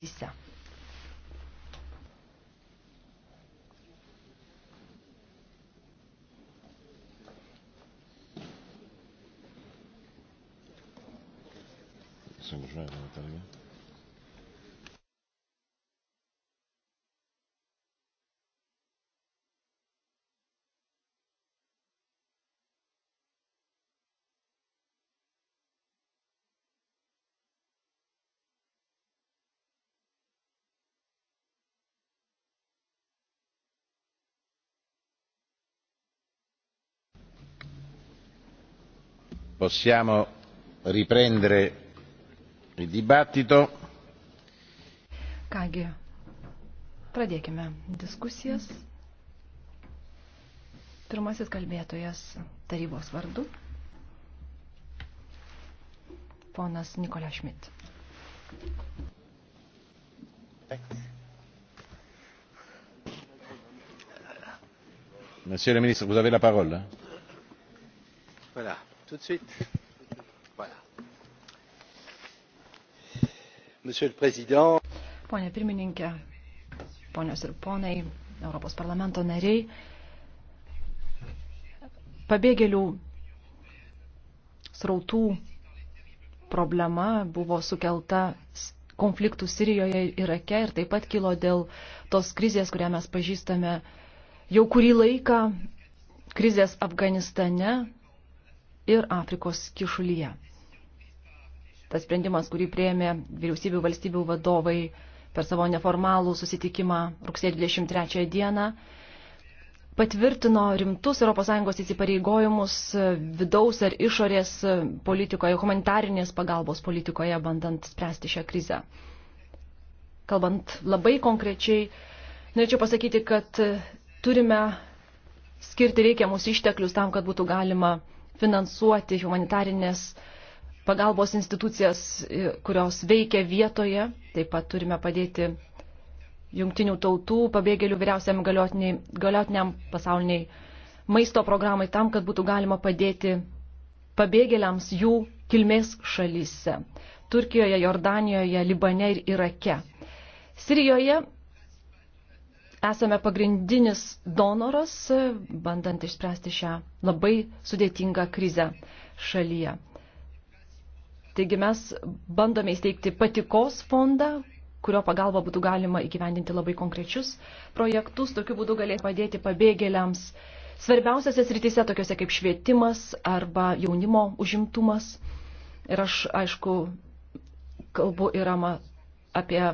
Visa. Sono già in Italia. possiamo riprendere il dibattito. Kągi, pradėkime diskusijas. Pirmasis kalbėtojas tarybos vardu. Ponas Nikola Šmit. Monsieur le ministre, vous avez la parole. Voilà tout de suite. Voilà. Monsieur le Président. Pone pirmininkė, ponios ir ponai, Europos parlamento nariai, pabėgėlių srautų problema buvo sukelta konfliktų Sirijoje ir Irake ir taip pat kilo dėl tos krizės, kurią mes pažįstame jau kurį laiką, krizės Afganistane, ir Afrikos kišulyje. Tas sprendimas, kurį prieėmė vyriausybių valstybių vadovai per savo neformalų susitikimą rugsėjo 23 dieną, patvirtino rimtus ES įsipareigojimus vidaus ar išorės politikoje, humanitarinės pagalbos politikoje, bandant spręsti šią krizę. Kalbant labai konkrečiai, norėčiau pasakyti, kad turime skirti reikiamus išteklius tam, kad būtų galima finansuoti humanitarinės pagalbos institucijas, kurios veikia vietoje. Taip pat turime padėti jungtinių tautų pabėgėlių vyriausiam galiotiniam pasauliniai maisto programai tam, kad būtų galima padėti pabėgėliams jų kilmės šalyse – Turkijoje, Jordanijoje, Libane ir Irake. Sirijoje esame pagrindinis donoras, bandant išspręsti šią labai sudėtingą krizę šalyje. Taigi mes bandome įsteigti patikos fondą, kurio pagalba būtų galima įgyvendinti labai konkrečius projektus, tokiu būdu galėtų padėti pabėgėliams svarbiausiose srityse, tokiuose kaip švietimas arba jaunimo užimtumas. Ir aš, aišku, kalbu yra apie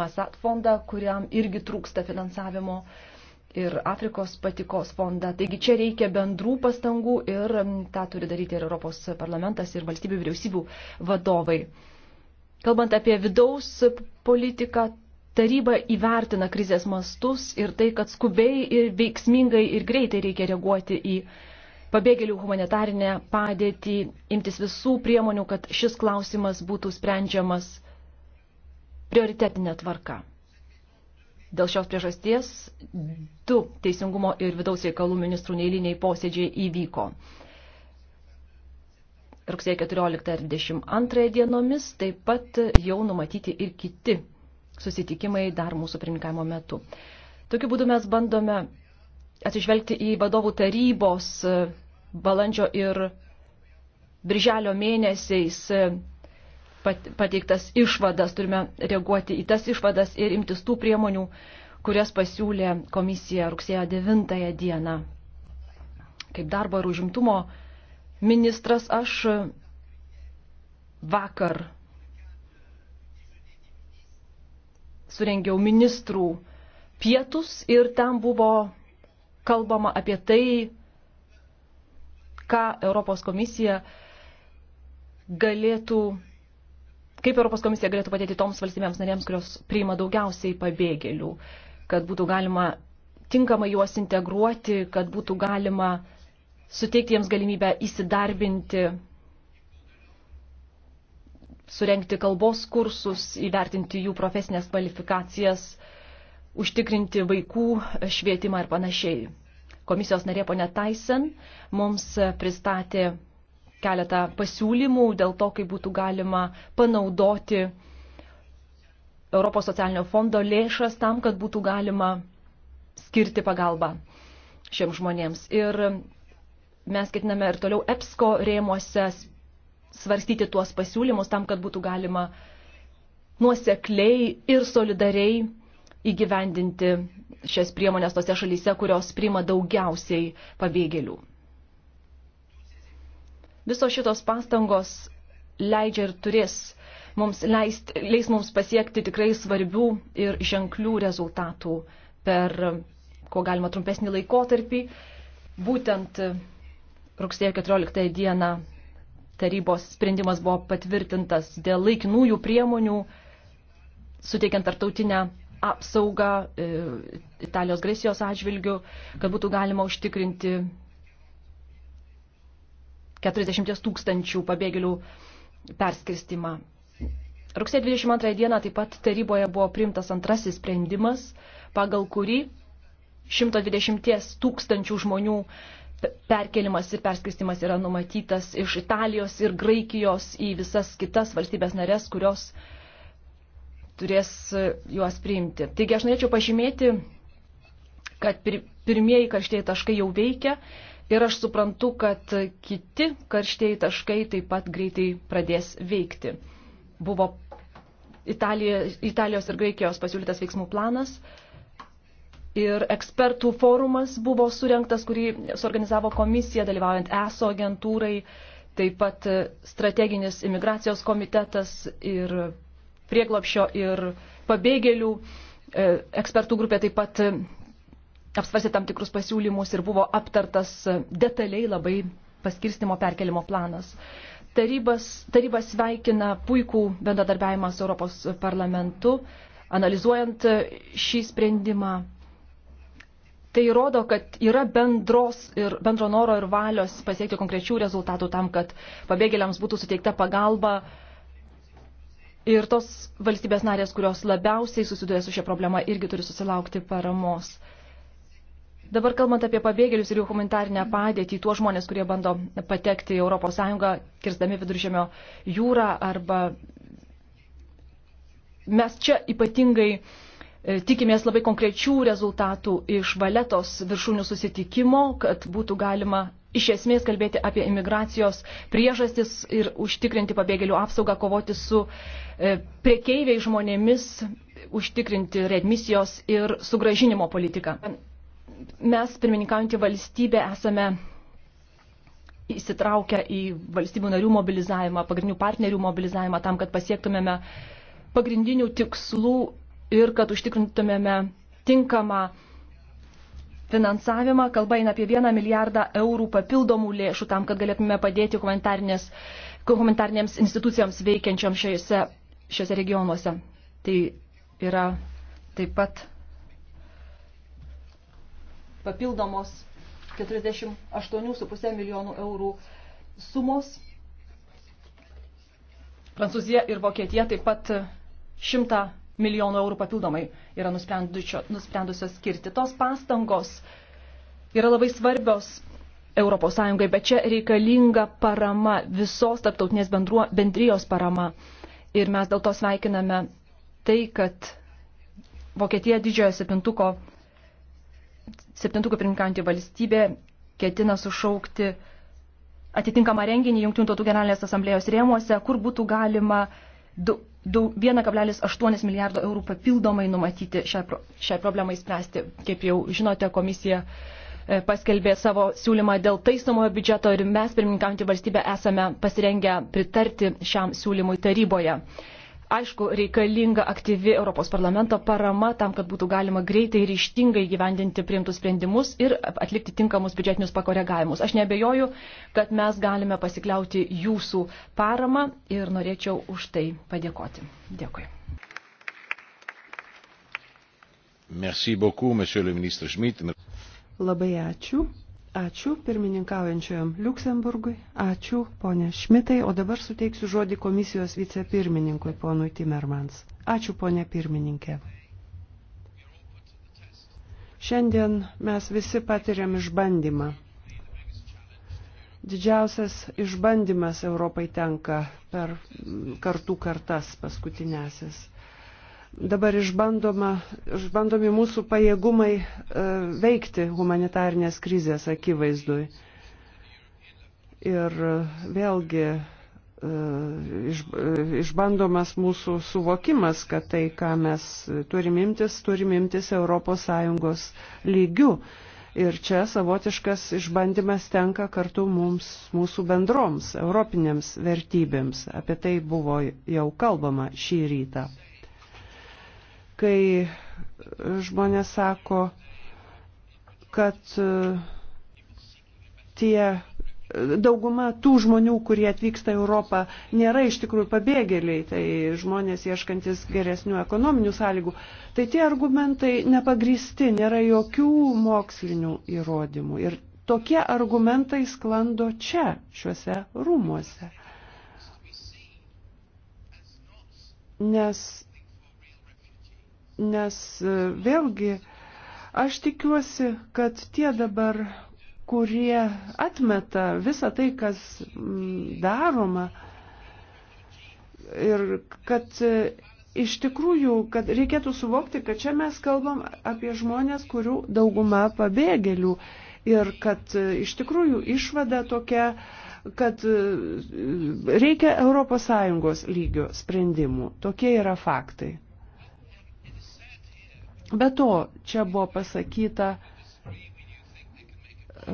Masat fondą, kuriam irgi trūksta finansavimo, ir Afrikos patikos fondą. Taigi čia reikia bendrų pastangų ir tą turi daryti ir Europos parlamentas, ir valstybių vyriausybių vadovai. Kalbant apie vidaus politiką, taryba įvertina krizės mastus ir tai, kad skubiai ir veiksmingai ir greitai reikia reaguoti į pabėgėlių humanitarinę padėtį, imtis visų priemonių, kad šis klausimas būtų sprendžiamas prioritetinė tvarka. Dėl šios priežasties du teisingumo ir vidaus reikalų ministrų neįliniai posėdžiai įvyko. Rugsėjo 14 ir 22 dienomis taip pat jau numatyti ir kiti susitikimai dar mūsų pirmininkavimo metu. Tokiu būdu mes bandome atsižvelgti į vadovų tarybos balandžio ir birželio mėnesiais pateiktas išvadas, turime reaguoti į tas išvadas ir imtis tų priemonių, kurias pasiūlė komisija rugsėjo 9 dieną. Kaip darbo ir užimtumo ministras aš vakar surengiau ministrų pietus ir ten buvo kalbama apie tai, ką Europos komisija galėtų kaip Europos komisija galėtų padėti toms valstybėms narėms, kurios priima daugiausiai pabėgėlių, kad būtų galima tinkamai juos integruoti, kad būtų galima suteikti jiems galimybę įsidarbinti, surenkti kalbos kursus, įvertinti jų profesinės kvalifikacijas, užtikrinti vaikų švietimą ir panašiai. Komisijos narė ponė Tyson mums pristatė keletą pasiūlymų dėl to, kaip būtų galima panaudoti Europos socialinio fondo lėšas tam, kad būtų galima skirti pagalbą šiems žmonėms. Ir mes ketiname ir toliau EPSCO rėmuose svarstyti tuos pasiūlymus tam, kad būtų galima nuosekliai ir solidariai įgyvendinti šias priemonės tose šalyse, kurios priima daugiausiai pabėgėlių. Visos šitos pastangos leidžia ir turės mums leist, leis mums pasiekti tikrai svarbių ir ženklių rezultatų per, ko galima, trumpesnį laikotarpį. Būtent rugsėjo 14 dieną tarybos sprendimas buvo patvirtintas dėl laikinųjų priemonių, suteikiant tartautinę apsaugą e, Italijos Gresijos atžvilgių, kad būtų galima užtikrinti 40 tūkstančių pabėgėlių perskirstimą. Rugsėjo 22 dieną taip pat taryboje buvo priimtas antrasis sprendimas, pagal kurį 120 tūkstančių žmonių perkelimas ir perskristimas yra numatytas iš Italijos ir Graikijos į visas kitas valstybės narės, kurios turės e, juos priimti. Taigi aš norėčiau pažymėti, kad pirmieji karštieji taškai jau veikia Ir aš suprantu, kad kiti karštieji taškai taip pat greitai pradės veikti. Buvo Italija, Italijos ir Graikijos pasiūlytas veiksmų planas ir ekspertų forumas buvo surinktas, kurį suorganizavo komisija, dalyvaujant ESO agentūrai, taip pat strateginis imigracijos komitetas ir prieglopšio ir pabėgėlių e, ekspertų grupė taip pat apsvarstė tam tikrus pasiūlymus ir buvo aptartas detaliai labai paskirstimo perkelimo planas. Tarybas, tarybas sveikina puikų bendradarbiavimą su Europos parlamentu, analizuojant šį sprendimą. Tai rodo, kad yra bendros ir bendro noro ir valios pasiekti konkrečių rezultatų tam, kad pabėgėliams būtų suteikta pagalba ir tos valstybės narės, kurios labiausiai susiduria su šia problema, irgi turi susilaukti paramos. Dabar kalbant apie pabėgėlius ir jų humanitarinę padėtį, tuos žmonės, kurie bando patekti į ES, kirstami viduržėmio jūrą arba mes čia ypatingai e, tikimės labai konkrečių rezultatų iš valetos viršūnių susitikimo, kad būtų galima iš esmės kalbėti apie imigracijos priežastis ir užtikrinti pabėgėlių apsaugą, kovoti su e, priekeiviai žmonėmis, užtikrinti redmisijos ir sugražinimo politiką mes, pirmininkaujantį valstybę, esame įsitraukę į valstybių narių mobilizavimą, pagrindinių partnerių mobilizavimą tam, kad pasiektumėme pagrindinių tikslų ir kad užtikrintumėme tinkamą finansavimą. Kalba eina apie 1 milijardą eurų papildomų lėšų tam, kad galėtume padėti humanitarnėms institucijoms veikiančioms šiuose, šiuose regionuose. Tai yra taip pat papildomos 48,5 milijonų eurų sumos. Prancūzija ir Vokietija taip pat 100 milijonų eurų papildomai yra nusprendusios skirti. Tos pastangos yra labai svarbios Europos Sąjungai, bet čia reikalinga parama, visos tarptautinės bendruo, bendrijos parama. Ir mes dėl to sveikiname tai, kad Vokietija didžiojo septintuko septintukų pirminkantį valstybė ketina sušaukti atitinkamą renginį Junktinių tautų generalinės asamblėjos rėmuose, kur būtų galima 1,8 milijardo eurų papildomai numatyti šią, pro, šią problemą įspręsti. Kaip jau žinote, komisija e, paskelbė savo siūlymą dėl taisomojo biudžeto ir mes, pirmininkaujantį valstybę, esame pasirengę pritarti šiam siūlymui taryboje. Aišku, reikalinga aktyvi Europos parlamento parama tam, kad būtų galima greitai ir ištingai gyvendinti priimtus sprendimus ir atlikti tinkamus biudžetinius pakoregavimus. Aš nebejoju, kad mes galime pasikliauti jūsų paramą ir norėčiau už tai padėkoti. Dėkui. Merci beaucoup, monsieur le ministre Schmidt. Labai ačiū. Ačiū pirmininkaujančiojam Luksemburgui, ačiū ponė Šmitai, o dabar suteiksiu žodį komisijos vicepirmininkui ponui Timermans. Ačiū ponė pirmininkė. Šiandien mes visi patiriam išbandymą. Didžiausias išbandymas Europai tenka per kartų kartas paskutinėsis dabar išbandoma, išbandomi mūsų pajėgumai e, veikti humanitarnės krizės akivaizdui. Ir e, vėlgi e, iš, išbandomas mūsų suvokimas, kad tai, ką mes turim imtis, turim imtis ES lygių. Ir čia savotiškas išbandymas tenka kartu mums, mūsų bendroms, europinėms vertybėms. Apie tai buvo jau kalbama šį rytą kai žmonės sako, kad e, tie dauguma tų žmonių, kurie atvyksta į Europą, nėra iš tikrųjų pabėgėliai, tai žmonės ieškantis geresnių ekonominių sąlygų. Tai tie argumentai nepagristi, nėra jokių mokslinių įrodymų. Ir tokie argumentai sklando čia, šiuose rūmuose. Nes Nes e, vėlgi aš tikiuosi, kad tie dabar, kurie atmeta visą tai, kas mm, daroma, ir kad e, iš tikrųjų, kad reikėtų suvokti, kad čia mes kalbam apie žmonės, kurių dauguma pabėgėlių. Ir kad e, iš tikrųjų išvada tokia, kad reikia ES lygio sprendimų. Tokie yra faktai. Be to, čia buvo pasakyta, e,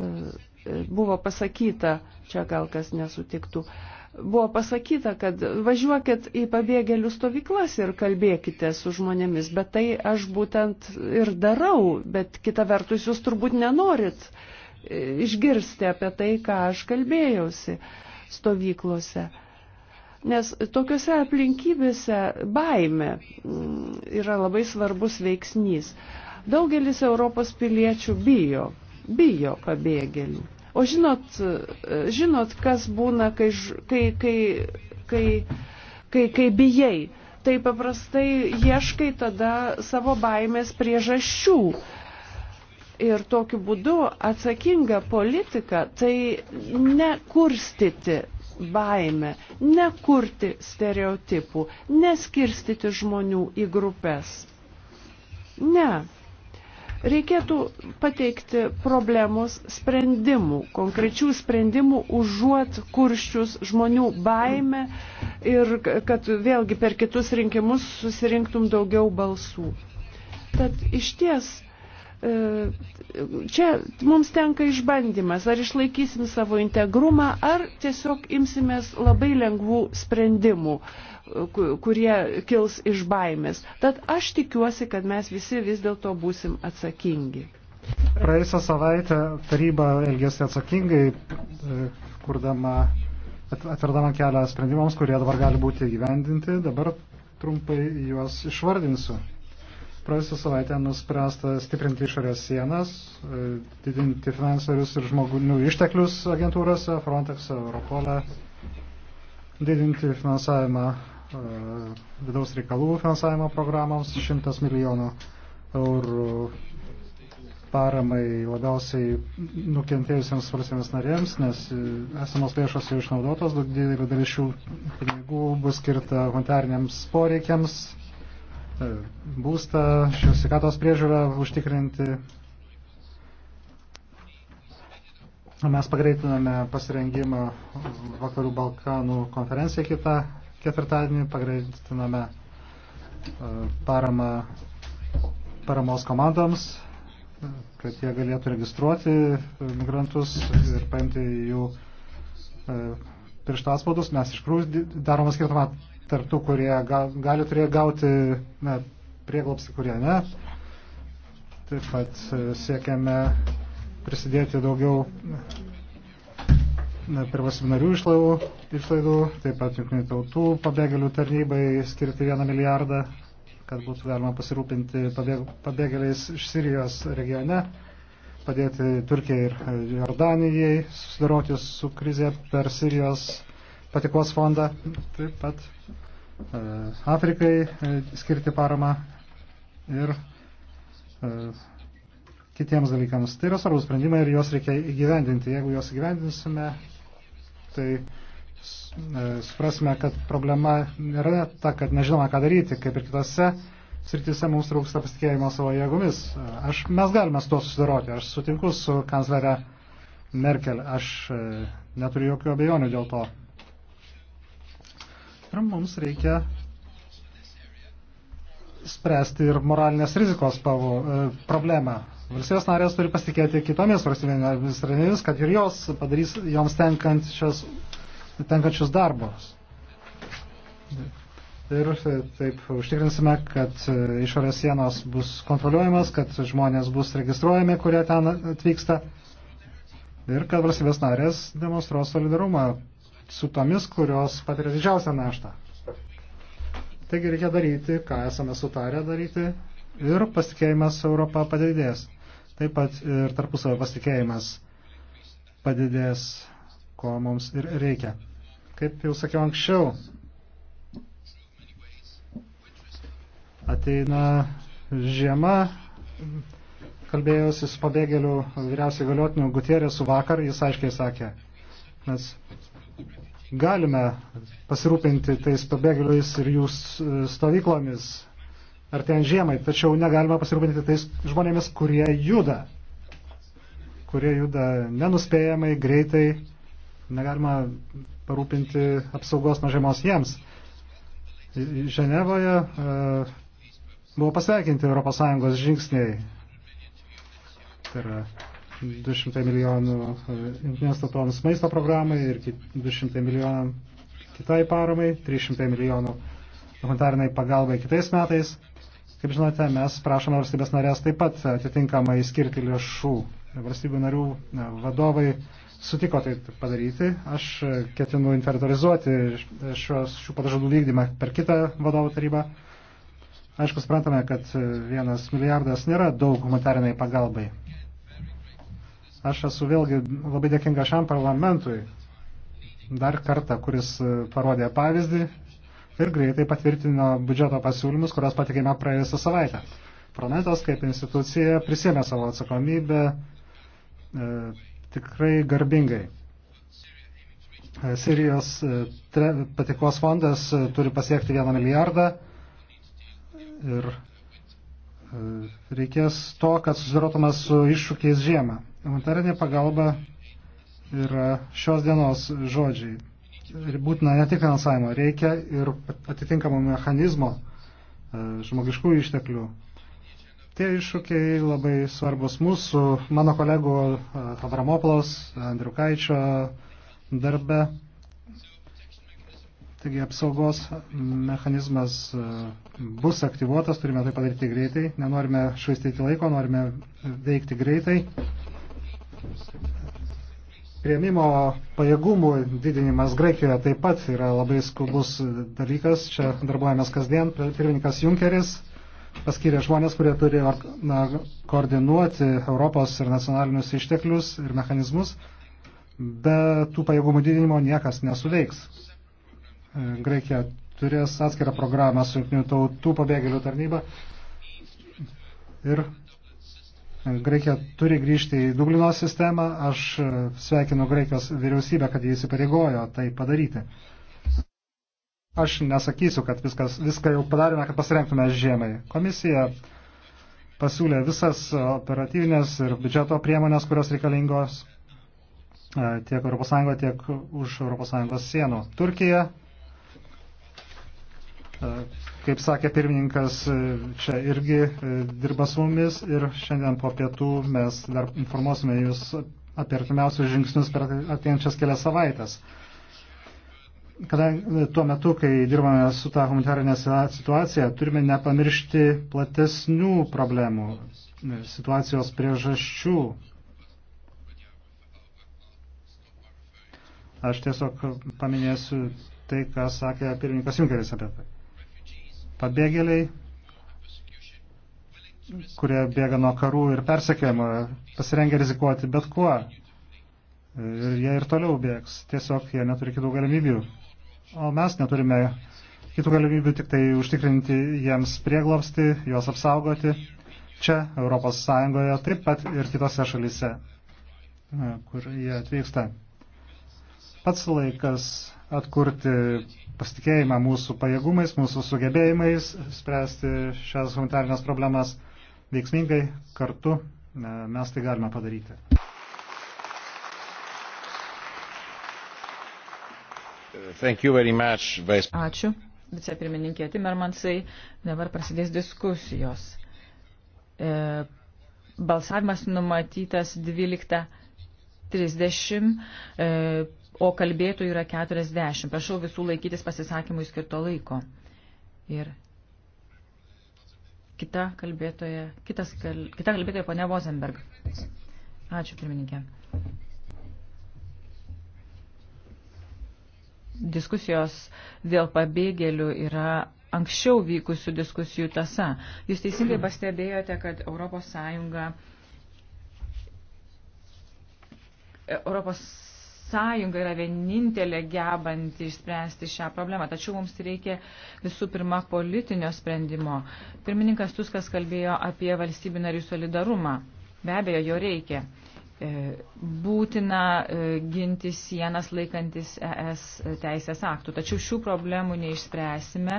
buvo pasakyta, čia gal kas nesutiktų, buvo pasakyta, kad važiuokit į pabėgėlių stovyklas ir kalbėkite su žmonėmis, bet tai aš būtent ir darau, bet kita vertus jūs turbūt nenorit e, išgirsti apie tai, ką aš kalbėjausi stovyklose. Nes tokiuose aplinkybėse baime mm, yra labai svarbus veiksnys. Daugelis Europos piliečių bijo, bijo pabėgėlių. O žinot, žinot kas būna, kai, kai, kai, kai, kai, kai bijai. Tai paprastai ieškai tada savo baimės priežasčių. Ir tokiu būdu atsakinga politika tai nekurstyti baimę, nekurti stereotipų, neskirstyti žmonių į grupės. Ne. Reikėtų pateikti problemos sprendimų, konkrečių sprendimų, užuot kurščius žmonių baimę ir kad vėlgi per kitus rinkimus susirinktum daugiau balsų. Tad iš ties E, čia mums tenka išbandymas, ar išlaikysim savo integrumą, ar tiesiog imsimės labai lengvų sprendimų, e, kurie kils iš baimės. Tad aš tikiuosi, kad mes visi vis dėlto būsim atsakingi. Praėjusią savaitę taryba elgėsi atsakingai, e, kurdama, atverdama kelią sprendimams, kurie dabar gali būti gyvendinti. Dabar trumpai juos išvardinsiu. Praėjusią savaitę nuspręsta stiprinti išorės sienas, e, didinti finansorius ir žmogų išteklius agentūrose, Frontex, Europole, didinti finansavimą, e, vidaus reikalų finansavimo programams 100 milijonų eurų paramai labiausiai nukentėjusiems valstybės narėms, nes esamos lėšos jau išnaudotos, didelė dalis šių pinigų bus skirta humanitariniams poreikiams, E, būstą, šios sveikatos priežiūrą užtikrinti. Mes pagreitiname pasirengimą Vakarų Balkanų konferenciją kitą ketvirtadienį, pagreitiname e, paramą paramos komandoms, kad jie galėtų registruoti migrantus ir paimti jų e, piršto atspaudus. Mes iš tikrųjų darome skirtumą tarptų, kurie ga, gali turėjo gauti na, prieglopsį, kurie ne. Taip pat e, siekiame prisidėti daugiau per valstybinarių išlaidų, išlaidų, taip pat jungtinių tautų pabėgėlių tarnybai skirti vieną milijardą, kad būtų galima pasirūpinti pabėgėliais iš Sirijos regione, padėti Turkijai ir Jordanijai susidaroti su krize per Sirijos regioną patikos fondą, taip pat e, Afrikai e, skirti paramą ir e, kitiems dalykams. Tai yra svarbus sprendimai ir juos reikia įgyvendinti. Jeigu juos įgyvendinsime, tai suprasime, kad problema nėra ta, kad nežinoma, ką daryti, kaip ir kitose srityse mums trūksta pasitikėjimo savo jėgomis. Aš, mes galime su to susidaroti. Aš sutinku su kanclere Merkel. Aš neturiu jokių abejonių dėl to spektrum, mums reikia spręsti ir moralinės rizikos pavo, e, problemą. Valstybės narės turi pasitikėti kitomis valstybėmis narėmis, kad ir jos padarys joms tenkančius, tenkančius darbus. Ir e, taip užtikrinsime, kad e, išorės sienos bus kontroliuojamas, kad žmonės bus registruojami, kurie ten atvyksta. Ir kad valstybės narės demonstruos solidarumą su tomis, kurios patiria didžiausią naštą. Taigi reikia daryti, ką esame sutarę daryti ir pasitikėjimas Europą padidės. Taip pat ir tarpusavio pasitikėjimas padidės, ko mums ir reikia. Kaip jau sakiau anksčiau, ateina žiema, kalbėjausi su pabėgėliu vyriausiai galiotiniu Gutierresu vakar, jis aiškiai sakė, mes galime pasirūpinti tais pabėgėliais ir jų stovyklomis ar ten žiemai, tačiau negalime pasirūpinti tais žmonėmis, kurie juda, kurie juda nenuspėjamai, greitai, negalima parūpinti apsaugos nuo žiemos jiems. Ženevoje uh, buvo pasveikinti ES žingsniai. Tai yra 200 milijonų e, jungtinės tautoms maisto programai ir 200 milijonų kitai paramai, 300 milijonų humanitariniai pagalbai kitais metais. Kaip žinote, mes prašome valstybės narės taip pat atitinkamai skirti lėšų. Valstybių narių e, vadovai sutiko tai padaryti. Aš e, ketinu inventorizuoti šios, šių pažadų vykdymą per kitą vadovų tarybą. Aišku, suprantame, kad vienas milijardas nėra daug humanitariniai pagalbai. Aš esu vėlgi labai dėkinga šiam parlamentui, dar kartą, kuris e, parodė pavyzdį ir greitai patvirtino biudžeto pasiūlymus, kurios patikėme praėjusią savaitę. Parlamentas kaip institucija prisėmė savo atsakomybę e, tikrai garbingai. E, Sirijos e, patikos fondas turi pasiekti vieną milijardą ir reikės to, kad susidarotume su iššūkiais žiemą. Humanitarinė pagalba yra šios dienos žodžiai. Ir būtina ne tik finansavimo, reikia ir atitinkamo mechanizmo e, žmogiškų išteklių. Tie iššūkiai labai svarbus mūsų, mano kolegų e, Avramopolos, Andriukaičio darbe. Taigi apsaugos mechanizmas e, bus aktyvuotas, turime tai padaryti greitai, nenorime švaistyti laiko, norime veikti greitai. Prieimimo pajėgumų didinimas Graikijoje taip pat yra labai skubus dalykas, čia darbuojamės kasdien, pirmininkas Junkeris paskyrė žmonės, kurie turi na, koordinuoti Europos ir nacionalinius išteklius ir mechanizmus, be tų pajėgumų didinimo niekas nesuveiks. Graikija turės atskirą programą su jungtinių tautų pabėgėlių tarnyba ir Graikija turi grįžti į Dublino sistemą. Aš sveikinu Graikijos vyriausybę, kad jie įsipareigojo tai padaryti. Aš nesakysiu, kad viskas, viską jau padarėme, kad pasirengtume žiemai. Komisija pasiūlė visas operatyvinės ir biudžeto priemonės, kurios reikalingos e, tiek ES, tiek už ES sienų. Turkija Kaip sakė pirmininkas, e, čia irgi e, dirba su mumis ir šiandien po pietų mes dar informuosime jūs apie artimiausius žingsnius per ateinančias kelias savaitės. Kadangi tuo metu, kai dirbame su tą humanitarinę situaciją, turime nepamiršti platesnių problemų, e, situacijos priežasčių. Aš tiesiog paminėsiu tai, ką sakė pirmininkas Junkeris apie tai pabėgėliai, kurie bėga nuo karų ir persekėjimo, pasirengia rizikuoti bet kuo. Ir jie ir toliau bėgs, tiesiog jie neturi kitų galimybių. O mes neturime kitų galimybių tik tai užtikrinti jiems prieglobsti, juos apsaugoti čia, Europos Sąjungoje, taip pat ir kitose šalyse, kur jie atvyksta. Pats laikas atkurti pasitikėjimą mūsų pajėgumais, mūsų sugebėjimais, spręsti šias humanitarinės problemas veiksmingai kartu. E, mes tai galime padaryti. Much, Vice... Ačiū, vicepirmininkė Timermansai. Dabar prasidės diskusijos. E, balsavimas numatytas 12.30. E, o kalbėtų yra 40. Prašau visų laikytis pasisakymui skirto laiko. Ir kita kalbėtoja, kitas, kita kalbėtoja ponia Vozenberg. Ačiū, pirmininkė. Diskusijos dėl pabėgėlių yra anksčiau vykusių diskusijų tasa. Jūs teisingai pastebėjote, kad Europos Sąjunga Europos sąjunga yra vienintelė gebanti išspręsti šią problemą. Tačiau mums reikia visų pirma politinio sprendimo. Pirmininkas Tuskas kalbėjo apie valstybių narių solidarumą. Be abejo, jo reikia. E, būtina e, ginti sienas laikantis ES teisės aktų. Tačiau šių problemų neišspręsime,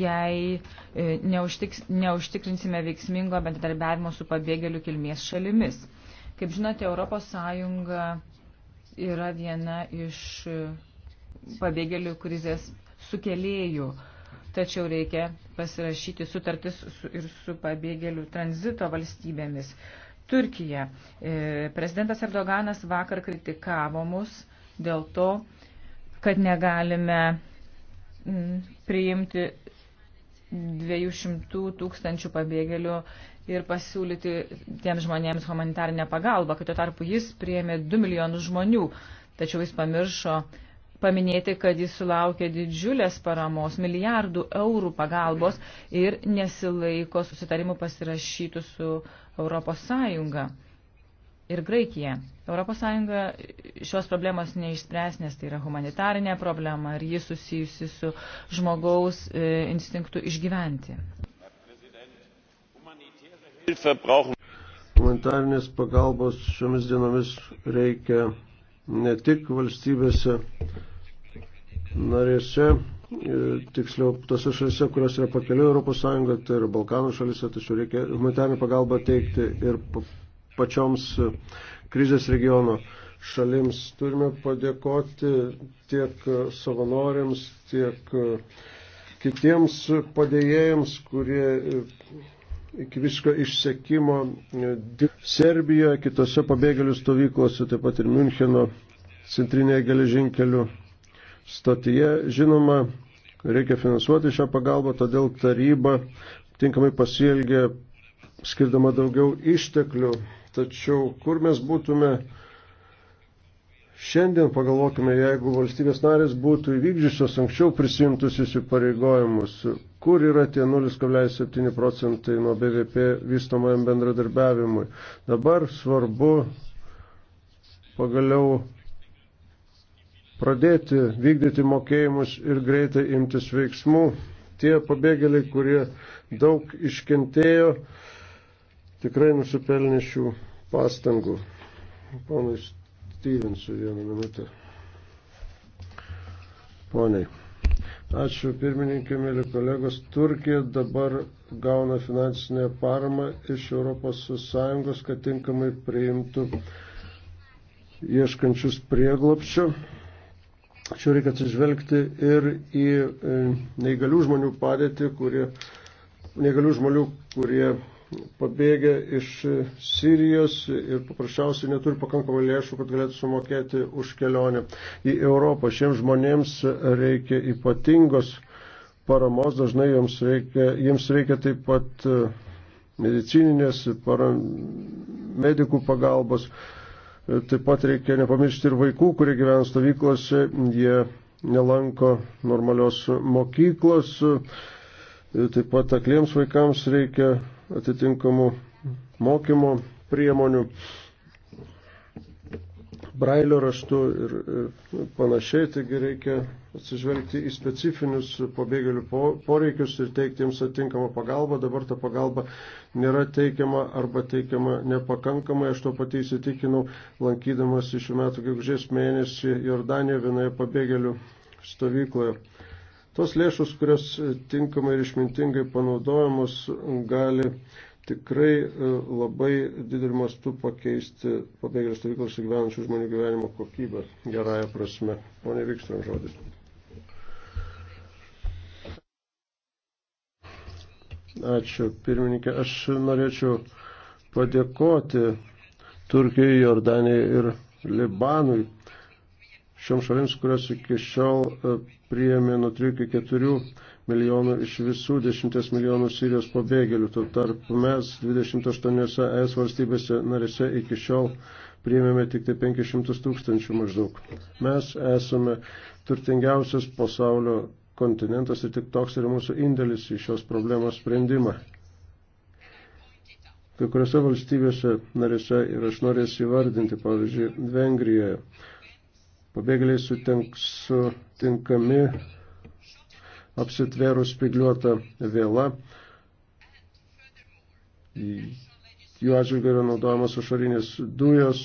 jei e, neužtiks, neužtikrinsime veiksmingo bendradarbiavimo su pabėgėlių kilmės šalimis. Kaip žinote, Europos Sąjunga yra viena iš pabėgėlių krizės sukėlėjų. Tačiau reikia pasirašyti sutartis su, ir su pabėgėlių tranzito valstybėmis. Turkija. E, prezidentas Erdoganas vakar kritikavo mus dėl to, kad negalime mm, priimti 200 tūkstančių pabėgėlių ir pasiūlyti tiems žmonėms humanitarinę pagalbą, kad tuo tarpu jis priėmė 2 milijonus žmonių, tačiau jis pamiršo paminėti, kad jis sulaukė didžiulės paramos, milijardų eurų pagalbos ir nesilaiko susitarimų pasirašytų su Europos Sąjunga ir Graikija. Europos Sąjunga šios problemos neišspręs, nes tai yra humanitarinė problema ir ji susijusi su žmogaus e, instinktu išgyventi. Humanitarinės pagalbos šiomis dienomis reikia ne tik valstybėse narėse, tiksliau tose šalise, kurios yra pakeliu Europos Sąjunga, tai yra Balkanų šalise, tačiau reikia humanitarinę pagalbą teikti ir pačioms krizės regiono šalims. Turime padėkoti tiek savanoriams, tiek kitiems padėjėjams, kurie iki visko išsekimo e, Serbijoje, kitose pabėgėlių stovyklose, taip pat ir Müncheno centrinėje geležinkelių stotyje. Žinoma, reikia finansuoti šią pagalbą, todėl taryba tinkamai pasielgė skirdama daugiau išteklių. Tačiau kur mes būtume šiandien, pagalvokime, jeigu valstybės narės būtų įvykdžiusios anksčiau prisimtus įsipareigojimus, kur yra tie 0,7 procentai nuo BVP vystomajam bendradarbiavimui. Dabar svarbu pagaliau pradėti vykdyti mokėjimus ir greitai imtis veiksmų. Tie pabėgėliai, kurie daug iškentėjo, tikrai nusipelnė šių pastangų. Ponai Stevensui vieną minutę. Poniai. Ačiū pirmininkė, mėly kolegos. Turkija dabar gauna finansinę paramą iš ES, kad tinkamai priimtų ieškančius prieglopščių. Čia reikia atsižvelgti ir į e, neįgalių žmonių padėtį, kurie, neįgalių žmonių, kurie pabėgę iš Sirijos ir paprasčiausiai neturi pakankamai lėšų, kad galėtų sumokėti už kelionę į Europą. Šiems žmonėms reikia ypatingos paramos, dažnai jiems reikia, jiems reikia taip pat e, medicininės, medikų pagalbos. E, taip pat reikia nepamiršti ir vaikų, kurie gyvena stovyklose, jie nelanko normalios mokyklos. E, taip pat akliems vaikams reikia atitinkamų mokymo priemonių, brailio raštu ir panašiai, taigi reikia atsižvelgti į specifinius pabėgėlių poreikius ir teikti jiems atinkamą pagalbą. Dabar ta pagalba nėra teikiama arba teikiama nepakankamai. Aš to pati įsitikinau, lankydamas iš metų gegužės mėnesį Jordanijoje vienoje pabėgėlių stovykloje. Tos lėšus, kurios tinkamai ir išmintingai panaudojamos, gali tikrai e, labai didelį mastų pakeisti pabėgėlių stovyklos gyvenančių žmonių gyvenimo kokybę gerąją prasme. Pone Vikstram žodis. Ačiū, pirmininkė. Aš norėčiau padėkoti Turkijai, Jordanijai ir Libanui šioms šalims, kurios iki šiol e, priėmė nuo 3 iki 4 milijonų iš visų 10 milijonų Sirijos pabėgėlių. Tuo tarpu mes 28 ES valstybėse narėse iki šiol priėmėme tik tai 500 tūkstančių maždaug. Mes esame turtingiausias pasaulio kontinentas ir tik toks yra mūsų indėlis į šios problemos sprendimą. Kai kuriuose valstybėse narėse ir aš norėsiu įvardinti, pavyzdžiui, Vengrijoje Pabėgėliai sutinkami apsitvėrus spigliuotą vėlą. Jų atžvilgiu yra naudojamos ašarinės dujos,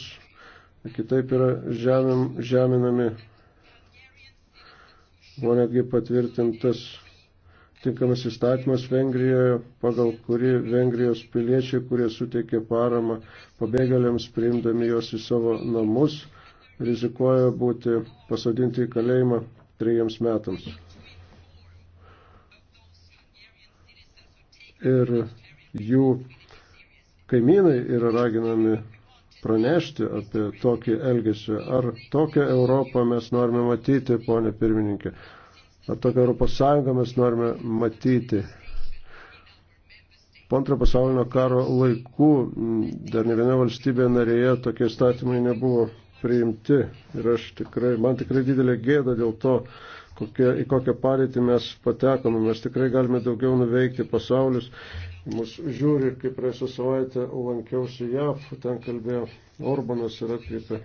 kitaip yra žemim, žeminami. Buvo netgi patvirtintas tinkamas įstatymas Vengrijoje, pagal kurį Vengrijos piliečiai, kurie suteikė paramą pabėgėliams, priimdami juos į savo namus, rizikuoja būti pasodinti į kalėjimą trejiems metams. Ir jų kaimynai yra raginami pranešti apie tokį elgesį. Ar tokią Europą mes norime matyti, ponė pirmininkė? Ar tokią Europos Sąjungą mes norime matyti? Po antro pasaulinio karo laikų dar ne viena valstybė narėje tokie statymai nebuvo priimti. Ir aš tikrai, man tikrai didelė gėda dėl to, kokie, į kokią padėtį mes patekome. Mes tikrai galime daugiau nuveikti pasaulius. Mūsų žiūri, kaip praėjusią savaitę lankiausi JAV, ten kalbėjo Orbanas ir atkreipė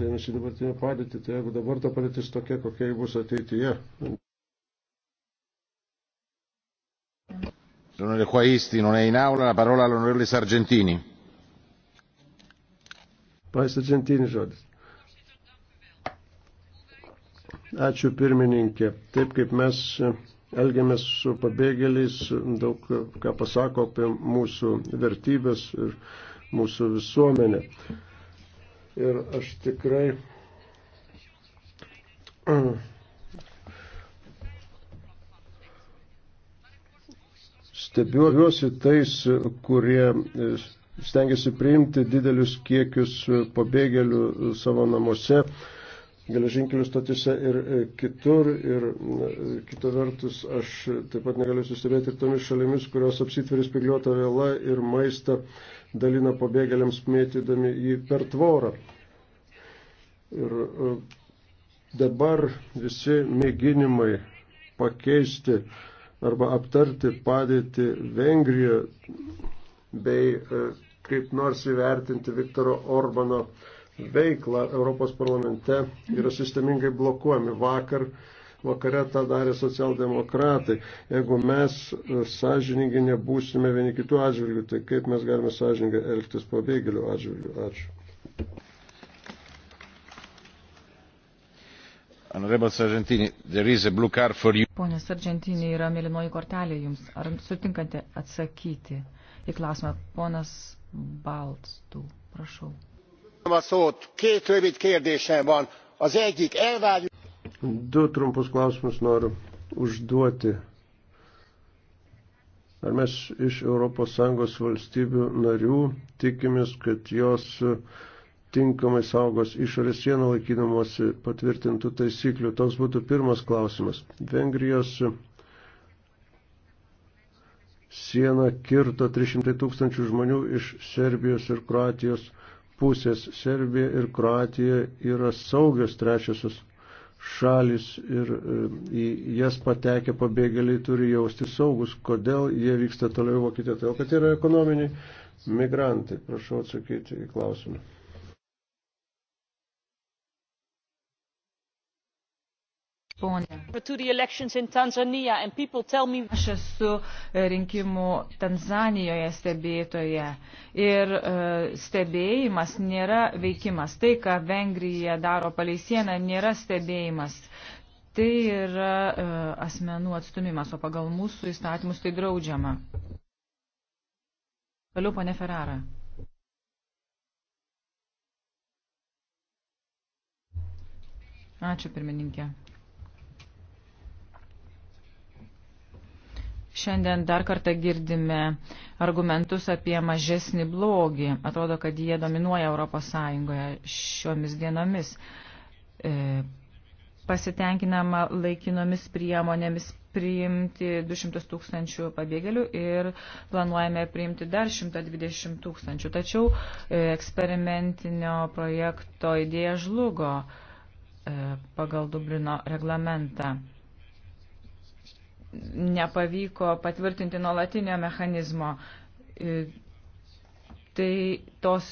dėmesį dabartinę padėtį, tai jeigu dabar ta padėtis tokia, kokia jį bus ateityje. L'onorevole Juaisti non è in aula, la parola all'onorevole Sargentini. Pasidžentinis žodis. Ačiū pirmininkė. Taip kaip mes elgiamės su pabėgėliais, daug ką pasako apie mūsų vertybės ir mūsų visuomenę. Ir aš tikrai stebiuosi tais, kurie stengiasi priimti didelius kiekius pabėgėlių savo namuose, geležinkelių stotise ir kitur. Ir kita vertus, aš taip pat negaliu susirėti ir tomis šalimis, kurios apsitveris spigliuota vėla ir maistą dalina pabėgėliams mėtydami jį per tvorą. Ir e, dabar visi mėginimai pakeisti arba aptarti padėti Vengrijoje bei e, kaip nors įvertinti Viktoro Orbano veiklą Europos parlamente yra sistemingai blokuojami. Vakar vakare tą darė socialdemokratai. Jeigu mes e, sąžiningai nebūsime vieni kitų atžvilgių, tai kaip mes galime sąžiningai elgtis pabėgėlių atžvilgių? Ačiū. Honorable Sargentini, there is a blue card for you. Pone Sargentini, yra mėlynoji kortelė jums. Ar sutinkate atsakyti? į klausimą. Ponas Baltstų, prašau. Du trumpus klausimus noriu užduoti. Ar mes iš ES valstybių narių tikimės, kad jos tinkamai saugos išorės sieną laikydamosi patvirtintų taisyklių? Toks būtų pirmas klausimas. Vengrijos sieną kirto 300 tūkstančių žmonių iš Serbijos ir Kroatijos pusės. Serbija ir Kroatija yra saugios trečiosios šalis ir e, į jas patekę pabėgėliai turi jausti saugus. Kodėl jie vyksta toliau į Vokietiją? Todėl, kad yra ekonominiai migrantai. Prašau atsakyti į klausimą. Pone. Aš esu e, rinkimų Tanzanijoje stebėtoje ir e, stebėjimas nėra veikimas. Tai, ką Vengrija daro palei sieną, nėra stebėjimas. Tai yra e, asmenų atstumimas, o pagal mūsų įstatymus tai draudžiama. Toliau, pone Ferrara. Ačiū, pirmininkė. Šiandien dar kartą girdime argumentus apie mažesnį blogį. Atrodo, kad jie dominuoja Europos Sąjungoje šiomis dienomis. E, pasitenkinama laikinomis priemonėmis priimti 200 tūkstančių pabėgėlių ir planuojame priimti dar 120 tūkstančių. Tačiau e, eksperimentinio projekto idėja žlugo e, pagal Dublino reglamentą nepavyko patvirtinti nuolatinio mechanizmo. E, tai tos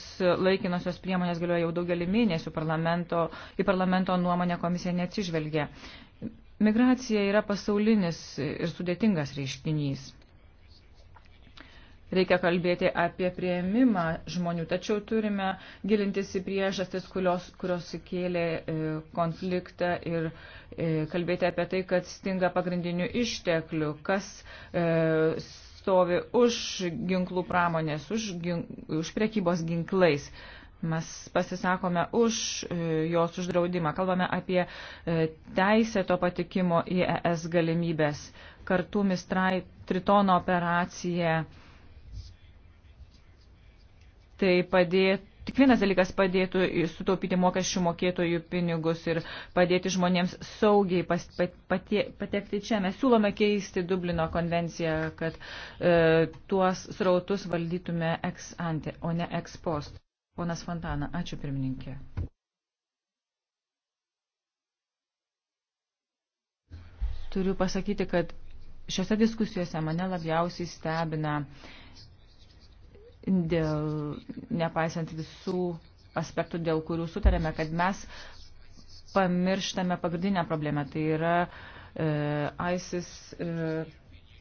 laikinosios priemonės galioja jau daugelį mėnesių parlamento, į parlamento nuomonę komisija neatsižvelgia. Migracija yra pasaulinis ir sudėtingas reiškinys. Reikia kalbėti apie prieimimą žmonių, tačiau turime gilintis į priežastis, kurios, kurios sukėlė e, konfliktą ir e, kalbėti apie tai, kad stinga pagrindinių išteklių, kas e, stovi už ginklų pramonės, už, gin, už prekybos ginklais. Mes pasisakome už jos uždraudimą, kalbame apie teisę to patikimo į ES galimybės. Kartu Mistrai Tritono operacija Tai padėtų. Tik vienas dalykas padėtų sutaupyti mokesčių mokėtojų pinigus ir padėti žmonėms saugiai pas, pat, patie, patekti čia. Mes siūlome keisti Dublino konvenciją, kad e, tuos srautus valdytume ex ante, o ne ex post. Ponas Fontana, ačiū pirmininkė. Turiu pasakyti, kad šiuose diskusijose mane labiausiai stebina e, dėl, nepaisant visų aspektų, dėl kurių sutarėme, kad mes pamirštame pagrindinę problemą, tai yra e, ISIS e,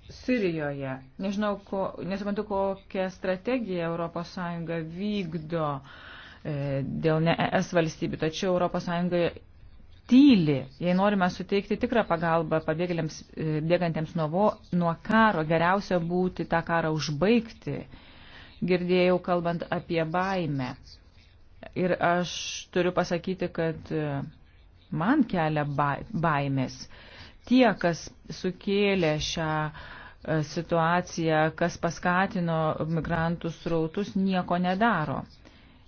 Sirijoje. Nežinau, ko, nesuprantu, kokią strategiją ES vykdo e, dėl ne ES valstybių, tačiau ES tyli, jei norime suteikti tikrą pagalbą pabėgėliams e, bėgantiems nuo, nuo karo, geriausia būti tą karą užbaigti. E, girdėjau kalbant apie baimę. Ir aš turiu pasakyti, kad e, man kelia baimės tie, kas sukėlė šią e, situaciją, kas paskatino migrantų srautus, nieko nedaro.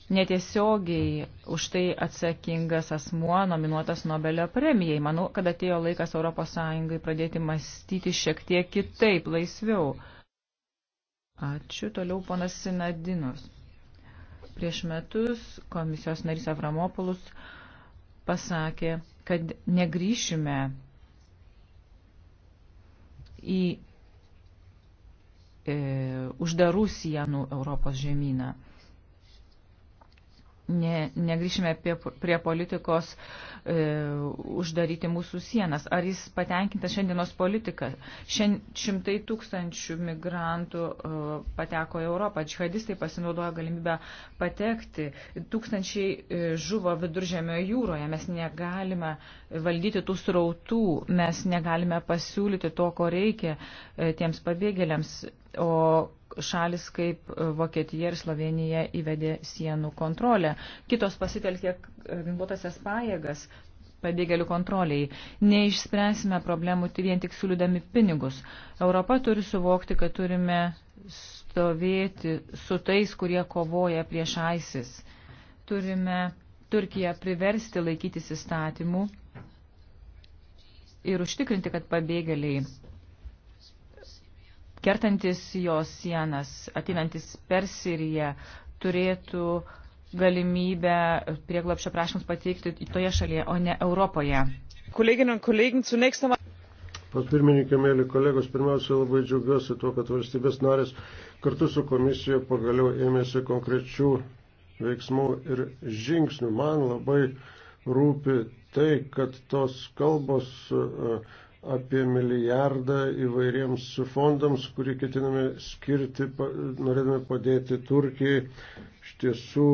Netiesiogiai už tai atsakingas asmuo nominuotas Nobelio premijai. Manau, kad atėjo laikas ES pradėti mąstyti šiek tiek kitaip, laisviau. Ačiū. Toliau ponas Sinadinos. Prieš metus komisijos narys Avramopoulos pasakė, kad negryšime į e, uždarų sienų Europos žemyną ne, negrįšime prie, prie politikos e, uždaryti mūsų sienas. Ar jis patenkintas šiandienos politika? Šiandien šimtai tūkstančių migrantų e, pateko į Europą, džihadistai pasinaudojo galimybę patekti, tūkstančiai e, žuvo viduržėmio jūroje, mes negalime valdyti tų srautų, mes negalime pasiūlyti to, ko reikia e, tiems pabėgėliams. O šalis kaip e, Vokietija ir Slovenija įvedė sienų kontrolę. Kitos pasitelkė e, ginkluotasias pajėgas pabėgėlių kontroliai. Neišspręsime problemų vien tik siūlydami pinigus. Europa turi suvokti, kad turime stovėti su tais, kurie kovoja prieš aisis. Turime Turkiją priversti laikytis įstatymų ir užtikrinti, kad pabėgėliai kertantis jos sienas, ateinantis per Siriją, turėtų galimybę prieglapšio prašymus pateikti toje šalyje, o ne Europoje. Pat pirmininkė, mėly kolegos, pirmiausia, labai džiaugiuosi tuo, kad valstybės narės kartu su komisija pagaliau ėmėsi konkrečių veiksmų ir žingsnių. Man labai rūpi tai, kad tos kalbos uh, apie milijardą įvairiems fondams, kurį ketiname skirti, norėdami padėti Turkijai, iš tiesų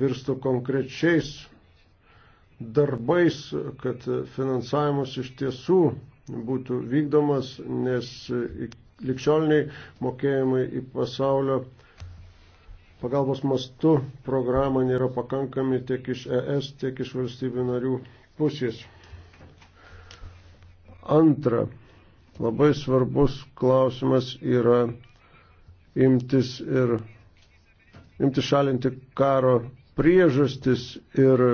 virstų konkrečiais darbais, kad finansavimas iš tiesų būtų vykdomas, nes likščioliniai mokėjimai į pasaulio pagalbos mastu programą nėra pakankami tiek iš ES, tiek iš valstybių narių pusės. Antra, labai svarbus klausimas yra imtis ir imti šalinti karo priežastis ir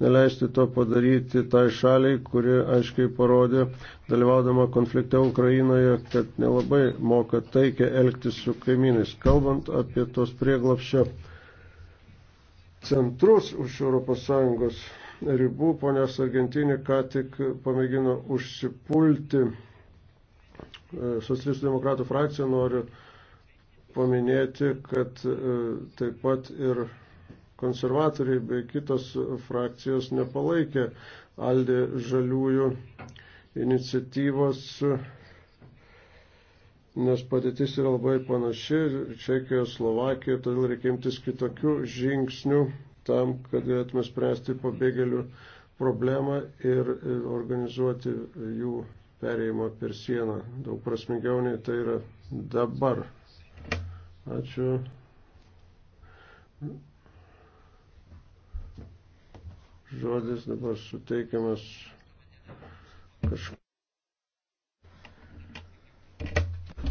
neleisti to padaryti tai šaliai, kuri aiškiai parodė, dalyvaudama konflikte Ukrainoje, kad nelabai moka taikia elgtis su kaimynais. Kalbant apie tos prieglapščio centrus už ES ribų. Pone Sargentinė ką tik pamėgino užsipulti e, socialistų demokratų frakciją. Noriu paminėti, kad e, taip pat ir konservatoriai bei kitos frakcijos nepalaikė Aldė žaliųjų iniciatyvos nes padėtis yra labai panaši Čekijoje, Slovakijoje, todėl reikia imtis kitokių žingsnių, tam, kad galėtume spręsti pabėgėlių problemą ir e, organizuoti jų perėjimą per sieną. Daug prasmingiau nei tai yra dabar. Ačiū. Žodis dabar suteikiamas kažkokio.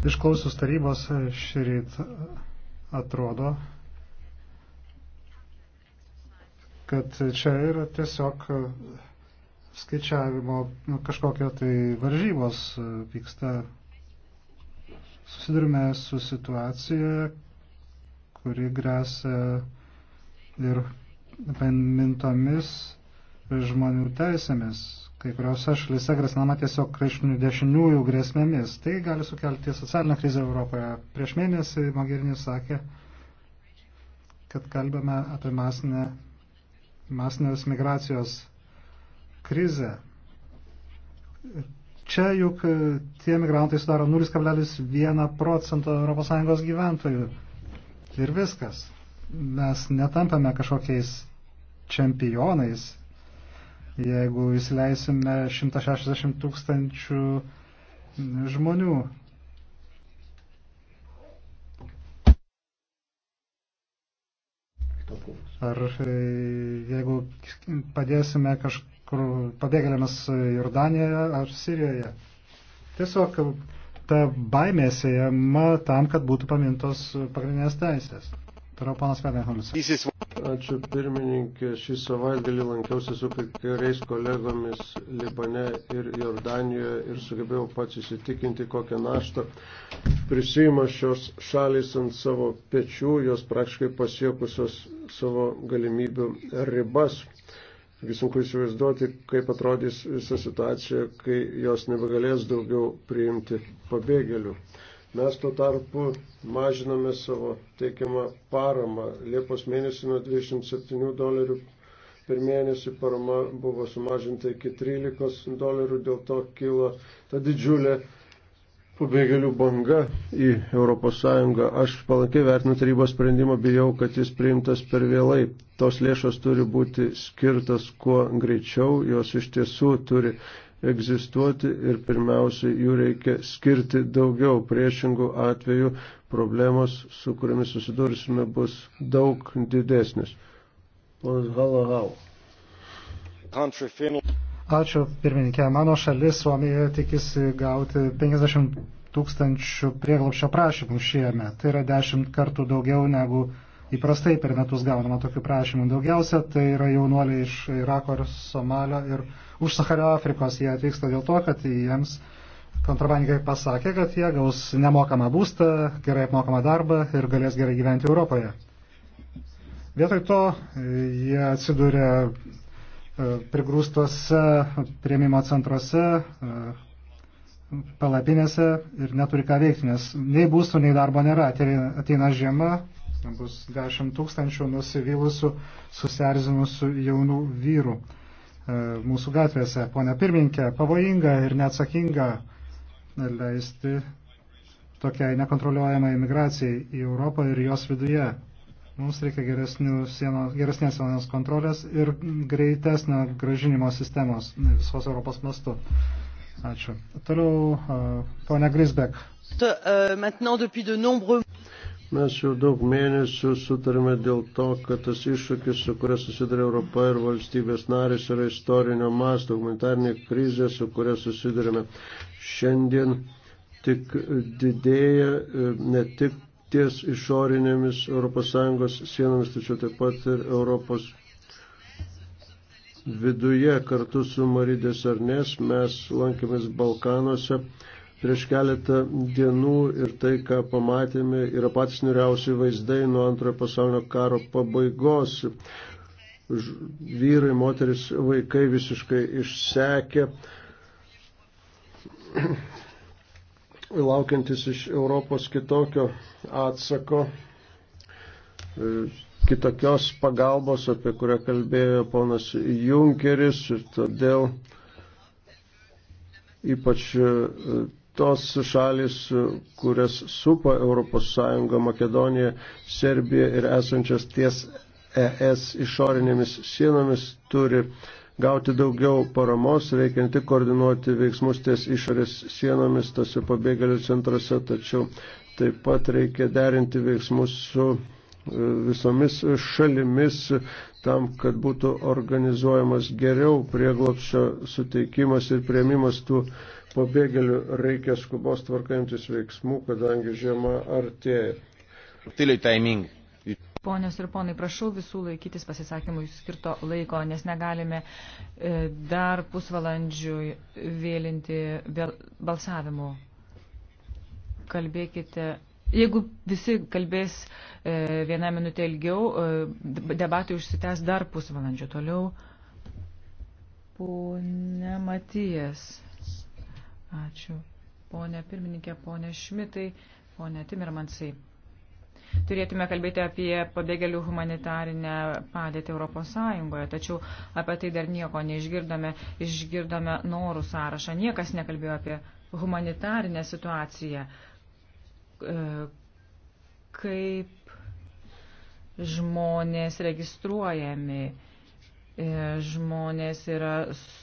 Išklausus tarybos šį rytą atrodo, kad čia yra tiesiog e, skaičiavimo nu, kažkokio tai varžybos e, vyksta. Susidurime su situacija, kuri grėsia ir mintomis žmonių teisėmis. Kai kuriuose šalyse grasinama tiesiog kraštinių dešiniųjų grėsmėmis. Tai gali sukelti socialinę krizę Europoje. Prieš mėnesį Mogherini sakė, kad kalbame apie masinę masinės migracijos krizę. Čia juk e, tie migrantai sudaro 0,1 procento ES gyventojų. Ir viskas. Mes netampame kažkokiais čempionais, jeigu įsileisime 160 tūkstančių žmonių Ar e, jeigu padėsime kažkur pabėgėliams Jordanijoje ar Sirijoje. Tiesiog ta baimė sėjama tam, kad būtų pamintos pagrindinės teisės. Toliau panas Vedenholis. Ačiū pirmininkė. Šį savaitgalį lankiausi su kai kuriais kolegomis Libane ir Jordanijoje ir sugebėjau pats įsitikinti, kokią naštą prisima šios šalys ant savo pečių, jos praktiškai pasiekusios savo galimybių ribas. Taigi sunku įsivaizduoti, kaip atrodys visa situacija, kai jos nebegalės daugiau priimti pabėgėlių. Mes tuo tarpu mažiname savo teikiamą paramą. Liepos mėnesį nuo 27 dolerių per mėnesį parama buvo sumažinta iki 13 dolerių, dėl to kilo ta didžiulė pabėgėlių banga į ES. Aš palankiai vertinu tarybos sprendimą, bijau, kad jis priimtas per vėlai. Tos lėšos turi būti skirtas kuo greičiau, jos iš tiesų turi egzistuoti ir pirmiausia, jų reikia skirti daugiau. Priešingų atvejų problemos, su kuriamis susidursime, bus daug didesnis. Ponas Halahau. Ačiū, pirmininkė. Mano šalis Suomijoje tikisi gauti 50 tūkstančių prieglopšio prašymų šiemet. Tai yra 10 kartų daugiau negu Įprastai per metus gaunama tokių prašymų. Daugiausia tai yra jaunuoliai iš Irako ir Somalio ir už Sakario Afrikos. Jie atvyksta dėl to, kad jiems kontrabandininkai pasakė, kad jie gaus nemokamą būstą, gerai apmokamą darbą ir galės gerai gyventi Europoje. Vietoj to jie atsidūrė e, prigrūstuose prieimimo centruose, e, palapinėse ir neturi ką veikti, nes nei būstų, nei darbo nėra. Ateina žiema, bus 10 tūkstančių nusivylusių, susierzinusių jaunų vyrų e, mūsų gatvėse. Pone pirminkė, pavojinga ir neatsakinga leisti tokiai nekontroliuojamai imigracijai į Europą ir jos viduje. Mums reikia sienos, geresnės sienos kontrolės ir greitesnio gražinimo sistemos visos Europos mastu. Ačiū. Toliau, e, ponia Grisbek. E, Mes jau daug mėnesių sutarėme dėl to, kad tas iššūkis, su kuria susiduria Europa ir valstybės narys, yra istorinio masto, humanitarnė krizė, su kuria susidurėme šiandien, tik didėja e, ne tik ties išorinėmis ES sienomis, tačiau taip pat ir Europos viduje kartu su Marydės Arnės mes lankėmės Balkanuose prieš keletą dienų ir tai, ką pamatėme, yra patys niuriausi vaizdai nuo antrojo pasaulinio karo pabaigos. Vyrai, moteris, vaikai visiškai išsekė, laukiantis iš Europos kitokio atsako, e, kitokios pagalbos, apie kurią kalbėjo ponas Junkeris ir todėl ypač e, tos šalis, kurias supa ES, Makedonija, Serbija ir esančios ties ES išorinėmis sienomis turi gauti daugiau paramos, reikia ne tik koordinuoti veiksmus ties išorės sienomis, tose pabėgėlių centruose, tačiau taip pat reikia derinti veiksmus su e, visomis šalimis tam, kad būtų organizuojamas geriau prieglopščio suteikimas ir prieimimas tų pabėgėlių reikia skubos tvarkantis veiksmų, kadangi žiema artėja. Tyliai timing. Ponios ir ponai, prašau visų laikytis pasisakymui skirto laiko, nes negalime e, dar pusvalandžiui vėlinti balsavimu. Kalbėkite. Jeigu visi kalbės e, vieną minutę ilgiau, e, debatai užsitęs dar pusvalandžiu. Toliau. Pone Matijas. Ačiū. Pone pirmininkė, pone Šmitai, pone Timirmansai. Turėtume kalbėti apie pabėgėlių humanitarinę padėtį Europos Sąjungoje, tačiau apie tai dar nieko neišgirdome, išgirdome norų sąrašą. Niekas nekalbėjo apie humanitarinę situaciją. E, kaip žmonės registruojami, E, žmonės yra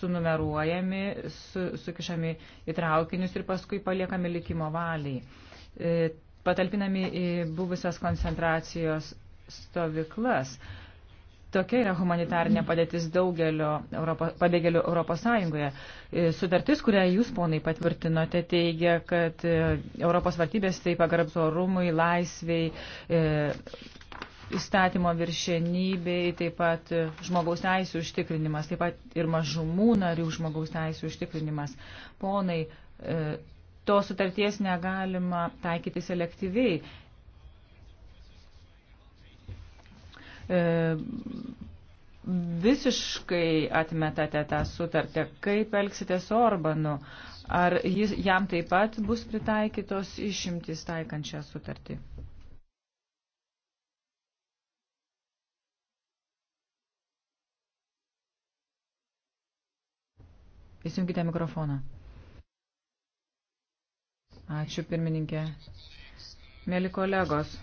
sunumeruojami, su, sukišami į traukinius ir paskui paliekami likimo valiai. E, patalpinami į buvusias koncentracijos stovyklas. Tokia yra humanitarinė padėtis daugelio Europo, pabėgėlių Europos Sąjungoje. E, sutartis, kurią jūs, ponai, patvirtinote, teigia, kad Europos vartybės tai pagarbs orumui, laisviai, įstatymo viršenybei, taip pat žmogaus teisų užtikrinimas, taip pat ir mažumų narių žmogaus teisų užtikrinimas. Ponai, e, to sutarties negalima taikyti selektyviai. E, visiškai atmetate tą sutartę. Kaip elgsite su Orbanu? Ar jis, jam taip pat bus pritaikytos išimtis taikančią sutartį? Įsijungite mikrofoną. Ačiū, pirmininkė. Mėly kolegos,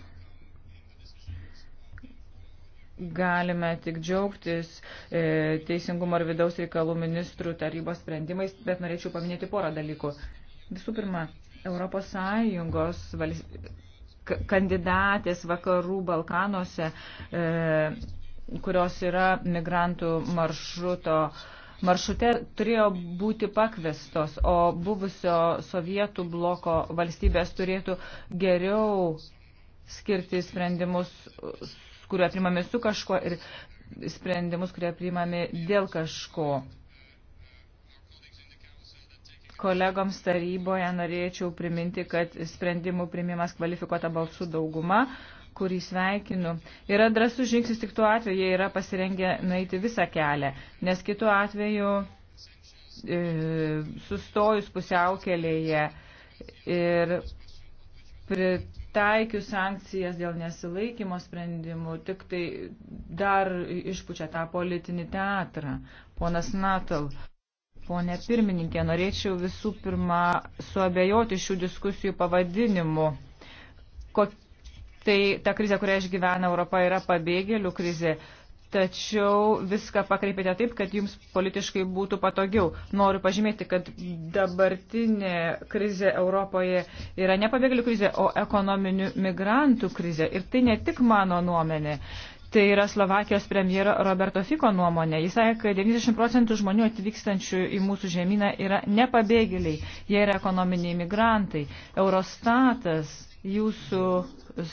galime tik džiaugtis e, Teisingumo ir vidaus reikalų ministrų tarybos sprendimais, bet norėčiau paminėti porą dalykų. Visų pirma, Europos Sąjungos valis, kandidatės vakarų Balkanuose, e, kurios yra migrantų maršruto e, maršrute turėjo būti pakvestos, o buvusio sovietų bloko valstybės turėtų geriau skirti sprendimus, kurie primami su kažkuo ir sprendimus, kurie primami dėl kažko. Kolegoms taryboje norėčiau priminti, kad sprendimų primimas kvalifikuota balsų dauguma kurį sveikinu, yra drasus žingsnis tik tuo atveju, jie yra pasirengę nueiti visą kelią, nes kitu atveju e, sustojus pusiaukelėje ir pritaikius sankcijas dėl nesilaikymo sprendimų, tik tai dar išpučia tą politinį teatrą. Ponas Natal. Pone pirmininkė, norėčiau visų pirma suabejoti šių diskusijų pavadinimu. Kok, Tai ta krizė, kurią išgyvena Europa, yra pabėgėlių krizė. Tačiau viską pakreipėte taip, kad jums politiškai būtų patogiau. Noriu pažymėti, kad dabartinė krizė Europoje yra ne pabėgėlių krizė, o ekonominių migrantų krizė. Ir tai ne tik mano nuomenė. Uh, Tai yra Slovakijos premjero Roberto Fiko nuomonė. Jis sakė, kad 90 procentų žmonių atvykstančių į mūsų žemyną yra nepabėgėliai, jie yra ekonominiai migrantai. Eurostatas, jūsų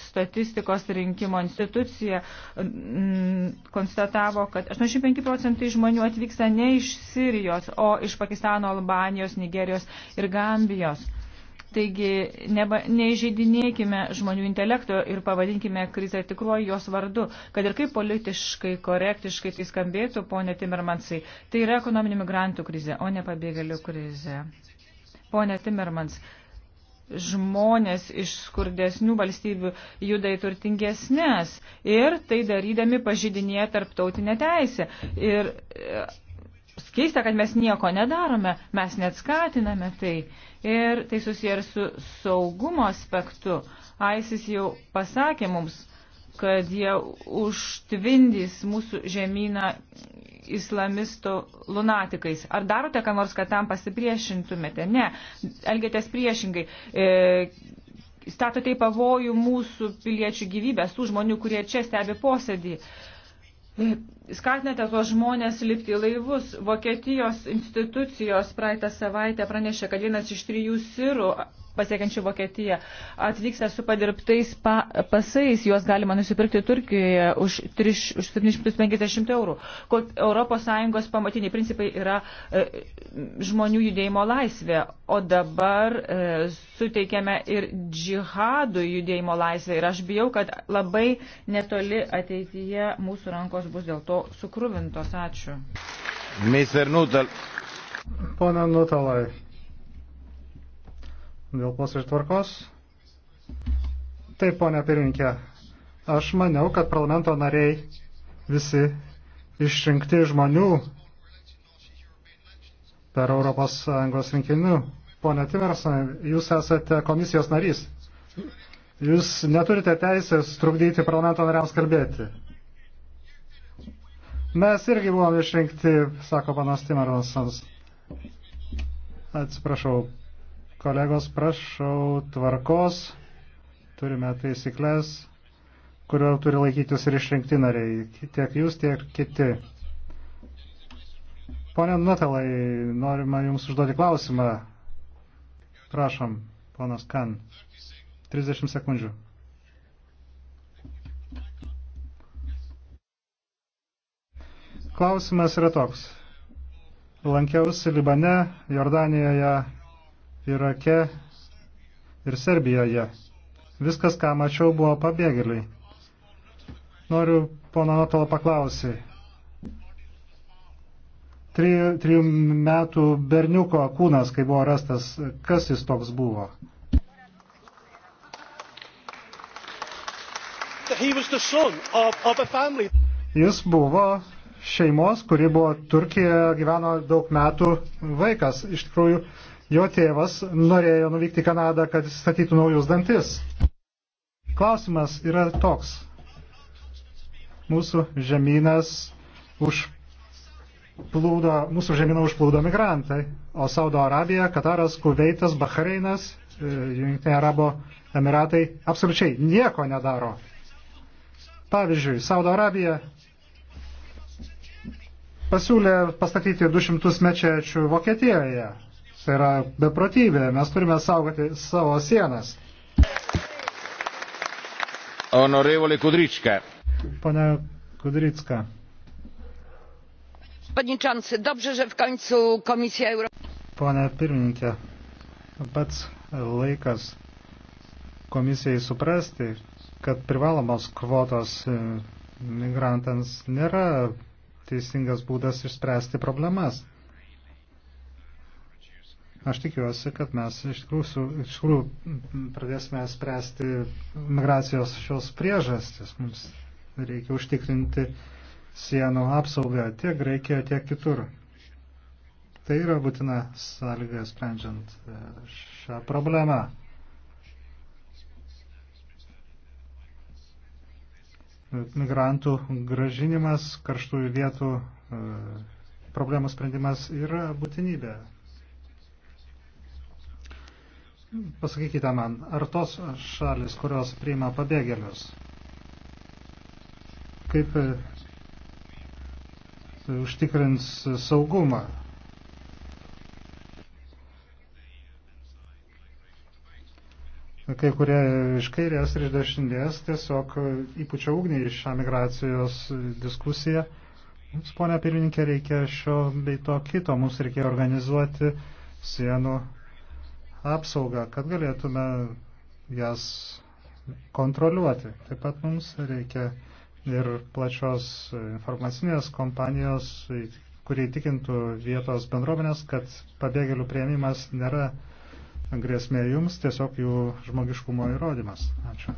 statistikos rinkimo institucija, m, konstatavo, kad 85 procentai žmonių atvyksta ne iš Sirijos, o iš Pakistano, Albanijos, Nigerijos ir Gambijos. Taigi neba, neižeidinėkime žmonių intelekto ir pavadinkime krizę tikruoju jos vardu, kad ir kaip politiškai, korektiškai tai skambėtų, ponė Timermansai. Tai yra ekonominių migrantų krizė, o ne pabėgėlių krizė. Pone Timermans, žmonės iš skurdesnių valstybių juda į turtingesnės ir tai darydami pažydinėje tarptautinę teisę. Ir e, skeista, kad mes nieko nedarome, mes net skatiname tai. Ir tai susiję ir su saugumo aspektu. ISIS jau pasakė mums, kad jie užtvindys mūsų žemyną islamistų lunatikais. Ar darote ką nors, kad tam pasipriešintumėte? Ne, elgėtės priešingai. E, statote į pavojų mūsų piliečių gyvybės, tų žmonių, kurie čia stebi posėdį. E, skatinate tuos žmonės lipti į laivus. Vokietijos institucijos praeitą savaitę pranešė, kad vienas iš trijų sirų pasiekiančių Vokietiją, atvyksta su padirbtais pa, pasais, juos galima nusipirkti Turkijoje už, 3, už 750 eurų. Kod ES pamatiniai principai yra e, žmonių judėjimo laisvė, o dabar e, suteikiame ir džihadų judėjimo laisvę ir aš bijau, kad labai netoli ateityje mūsų rankos bus dėl to sukruvintos. Ačiū. Mr. Nutal. Pone Nutalai, Dėl posėdžio tvarkos. Taip, ponia pirminkė, aš maniau, kad parlamento nariai visi išrinkti žmonių per ES rinkinių. Pone Timerson, jūs esate komisijos narys. Jūs neturite teisės trukdyti parlamento nariams kalbėti. Mes irgi buvome išrinkti, sako panas Timersonas. Atsiprašau, Kolegos, prašau tvarkos. Turime taisyklės, kurio turi laikytis ir išrinkti nariai. Tiek jūs, tiek kiti. Pone Nutelai, norima Jums užduoti klausimą. Prašom, ponas Kan. 30 sekundžių. Klausimas yra toks. Lankiausi Libane, Jordanijoje Irake ir Serbijoje. Viskas, ką mačiau, buvo pabėgėliai. Noriu pono Notolo paklausyti. Trijų, trijų metų berniuko kūnas, kai buvo rastas, kas jis toks buvo? Jis buvo šeimos, kuri buvo Turkijoje, gyveno daug metų vaikas. Iš tikrųjų, Jo tėvas norėjo nuvykti į Kanadą, kad statytų naujus dantis. Klausimas yra toks. Mūsų žemynas užplūdo, mūsų žemyną užplūdo migrantai, o Saudo Arabija, Kataras, Kuveitas, Bahreinas, e, Junktinė Arabo Emiratai absoliučiai nieko nedaro. Pavyzdžiui, Saudo Arabija pasiūlė pastatyti 200 mečečių Vokietijoje, Tai yra beprotybė. Mes turime saugoti savo sienas. Honorevole Kudryčka. Pane Kudrycka. Panie dobrze, że w końcu Komisja Europejska. Pone pirmininkė, pats laikas komisijai suprasti, kad privalomos kvotos e, migrantams nėra teisingas būdas išspręsti problemas. Aš tikiuosi, kad mes iš tikrųjų, iš tikrųjų pradėsime spręsti migracijos šios priežastis. Mums reikia užtikrinti sienų apsaugą tiek Graikijoje, tiek kitur. Tai yra būtina sąlyga sprendžiant e, šią problemą. Migrantų gražinimas, karštųjų vietų e, problemų sprendimas yra būtinybė. Pasakykite man, ar tos šalis, kurios priima pabėgėlius, kaip e, užtikrins saugumą? Kai kurie iš kairės ir iš dešinės tiesiog įpučia ugnį iš šią migracijos diskusiją. Mums, ponia pirmininkė, reikia šio bei to kito. Mums reikia organizuoti sienų apsaugą, kad galėtume jas kontroliuoti. Taip pat mums reikia ir plačios informacinės kompanijos, kurie tikintų vietos bendruomenės, kad pabėgėlių prieimimas nėra grėsmė jums, tiesiog jų žmogiškumo įrodymas. Ačiū.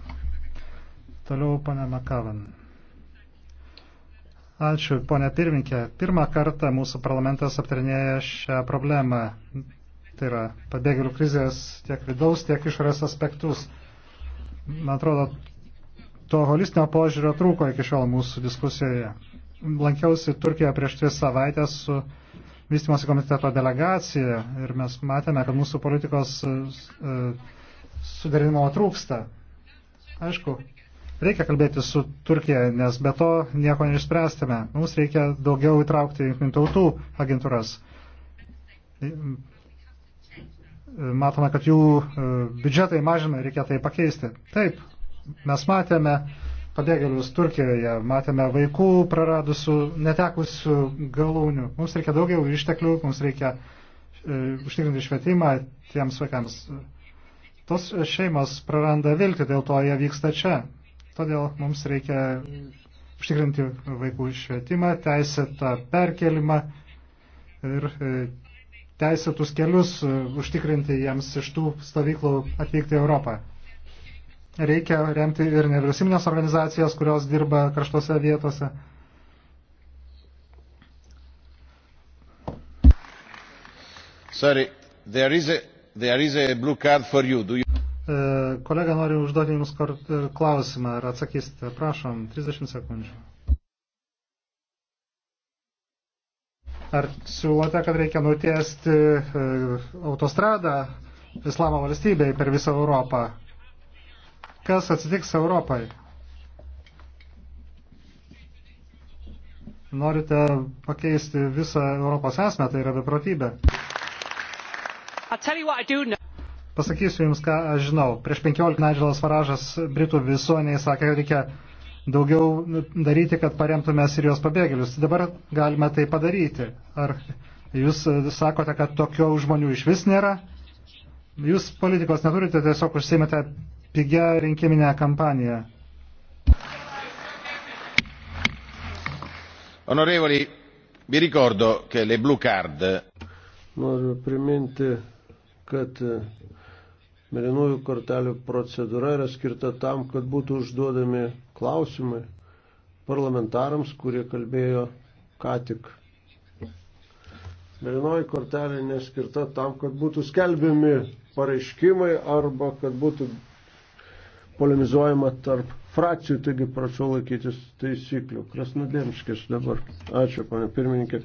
Toliau, pane Makavan. Ačiū, ponė pirminkė. Pirmą kartą mūsų parlamentas aptarinėja šią problemą tai yra pabėgėlių krizės tiek vidaus, tiek išorės aspektus. Man atrodo, to holistinio požiūrio trūko iki šiol mūsų diskusijoje. Lankiausi Turkijoje prieš tris savaitės su vystimosi komiteto delegacija ir mes matėme, kad mūsų politikos e, suderinimo trūksta. Aišku, reikia kalbėti su Turkija, nes be to nieko neišspręstame. Mums reikia daugiau įtraukti jungtinių tautų agentūras matome, kad jų e, biudžetai mažina, reikia tai pakeisti. Taip, mes matėme pabėgėlius Turkijoje, matėme vaikų praradusių, netekusių galūnių. Mums reikia daugiau išteklių, mums reikia e, užtikrinti švietimą tiems vaikams. Tos šeimos praranda viltį, dėl to jie vyksta čia. Todėl mums reikia užtikrinti vaikų švietimą, teisėtą perkelimą ir e, teisėtus kelius e, užtikrinti jiems iš tų stovyklų atvykti į Europą. Reikia remti ir nevyriausybinės organizacijas, kurios dirba kraštuose vietose. Sorry, there is a, there is a blue card for you. Do you... E, kolega nori užduoti Jums klausimą, ar atsakysite. Prašom, 30 sekundžių. Ar siūlote, kad reikia nutiesti e, autostradą Islamo valstybei per visą Europą? Kas atsitiks Europai? Norite pakeisti visą Europos esmę, tai yra beprotybė. Pasakysiu Jums, ką aš žinau. Prieš 15 Nigelas Faražas Britų visuomeniai sakė, kad reikia daugiau daryti, kad paremtume Sirijos pabėgėlius. Dabar galime tai padaryti. Ar jūs sakote, kad tokio žmonių iš vis nėra? Jūs politikos neturite, tiesiog užsiimate pigią rinkiminę kampaniją. Onorevoli, vi ricordo che le blue card. Noriu priminti, kad Mėlynųjų kortelių procedūra yra skirta tam, kad būtų užduodami klausimai parlamentarams, kurie kalbėjo ką tik. Mėlynoji kortelė neskirta tam, kad būtų skelbiami pareiškimai arba kad būtų polemizuojama tarp frakcijų, taigi prašau laikytis taisyklių. Krasnodėmškis dabar. Ačiū, pane pirmininkė.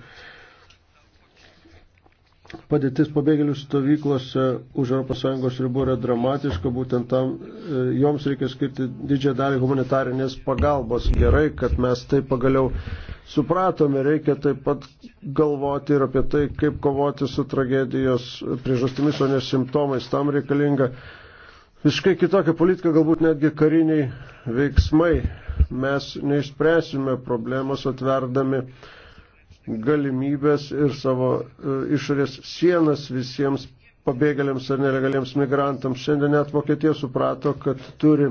Padėtis pabėgėlių stovyklose už ES ribų yra dramatiška, būtent tam e, joms reikia skirti didžią dalį humanitarinės pagalbos. Gerai, kad mes tai pagaliau supratome, reikia taip pat galvoti ir apie tai, kaip kovoti su tragedijos priežastimis, o ne simptomais. Tam reikalinga visiškai kitokia politika, galbūt netgi kariniai veiksmai. Mes neišspręsime problemos atverdami galimybės ir savo e, išorės sienas visiems pabėgėliams ar nelegaliems migrantams. Šiandien net Vokietija suprato, kad turi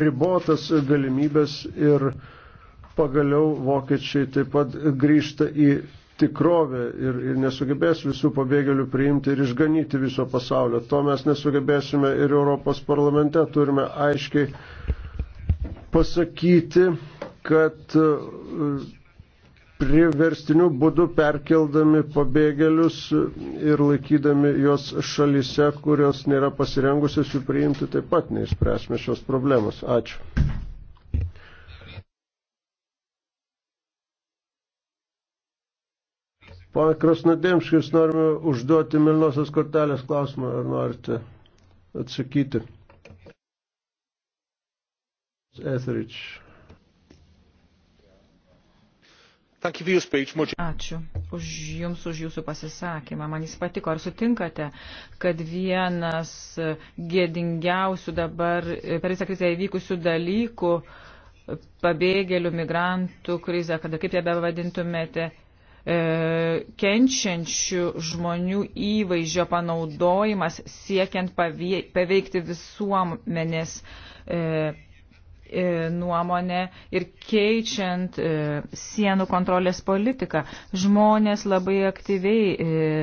ribotas galimybės ir pagaliau vokiečiai taip pat grįžta į tikrovę ir, ir nesugebės visų pabėgėlių priimti ir išganyti viso pasaulio. To mes nesugebėsime ir Europos parlamente turime aiškiai pasakyti, kad uh, priverstiniu būdu perkeldami pabėgėlius ir laikydami juos šalyse, kurios nėra pasirengusios jų priimti, taip pat neįspręsime šios problemos. Ačiū. Pana Krasnodėmškis, norime užduoti Milnosios kortelės klausimą, ar norite atsakyti. Etheridge. Ačiū už Jums, už Jūsų pasisakymą. Man jis patiko. Ar sutinkate, kad vienas gėdingiausių dabar per visą krizę įvykusių dalykų, pabėgėlių, migrantų krizę, kada kaip ją bevadintumėte, e, kenčiančių žmonių įvaizdžio panaudojimas siekiant paveikti visuomenės e, E, nuomonę ir keičiant e, sienų kontrolės politiką. Žmonės labai aktyviai e,